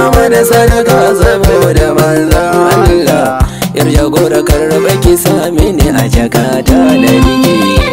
mana sadaka saboda manzan Allah yar jagora karba ki sami ne a jakata da biki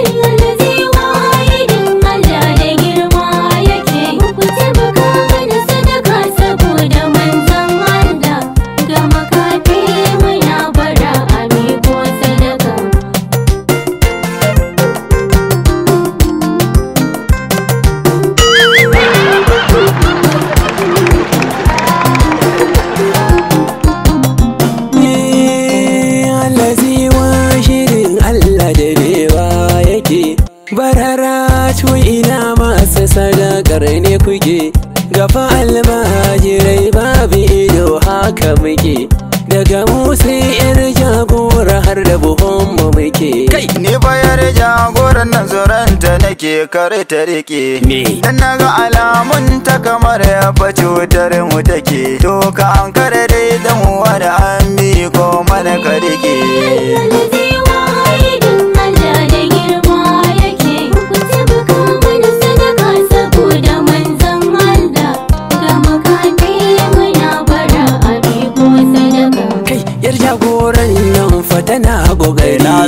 kare ne kuke gafa almajirai babu ido haka muke daga musu yar jagora har da buhon mu muke kai ni bayar jagoran nan ta nake kare ta rike me dan naga alamun ta kamar ya cutar mu take to ka an kare dai da wada an bi ko mana ka rike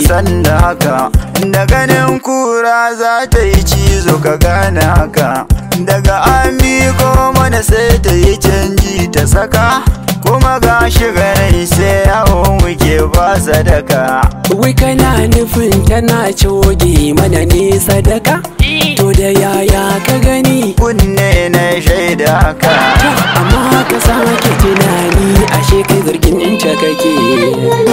san da haka da ganin kura za ta yi cizo ka gane haka daga an ko mana sai ta yi canji ta saka kuma ga shigarai sai yawo muke ba sadaka wai kana nufin tana coge mana ne sadaka to da yaya ka gani kunne na shaida ka amma ka sake tunani ashe kai zargin in kake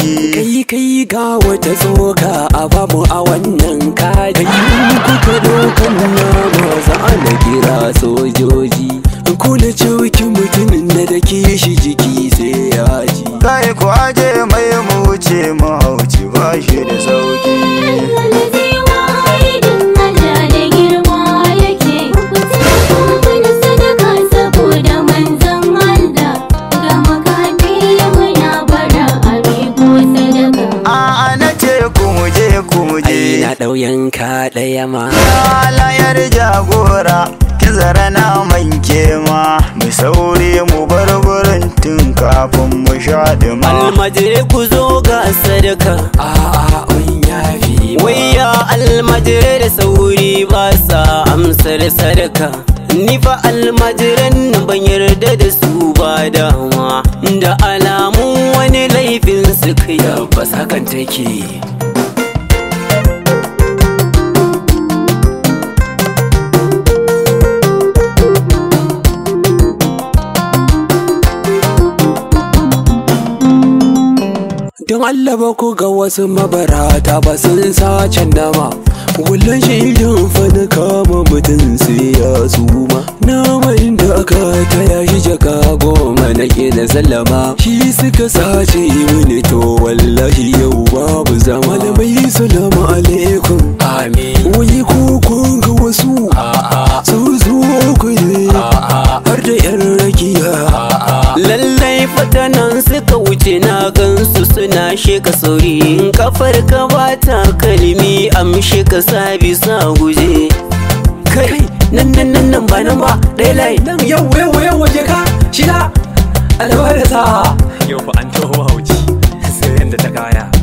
kai ga wata tsoka a babu a wannan kaji ka ɗau yanka ɗaya ma layar jagora kizara na manke ma mu saure mu bar gurin tun kafin mu shaɗi ma almajiri ku ga sadaka a'a un wai ya almajiri da sauri ba sa amsar sadaka ni fa almajiran ban yarda da su ba dama da alamun wani laifin suka yabba sakan take don Allah ba ku ga wasu mabarata ba sun sace nama Kullum shi yin fani kama mutum sai ya suma Naman da aka ta yashi jaka goma na da salama. Shi suka sace mini to wallahi yau babu zama Malamai salamu alaikum Amin Wani kukun ga wasu A'a Su zo ku yi? Har da yan rakiya Lallai nan suka wuce na kan su suna sheka sauri kafar ka ba ta kalmi amshe ka sabi sa guje kai nan nan nan nan ba nan ba dai lai nan yau yau yau waje ka shida albarka yau fa an taho hauci sai yanda ta kaya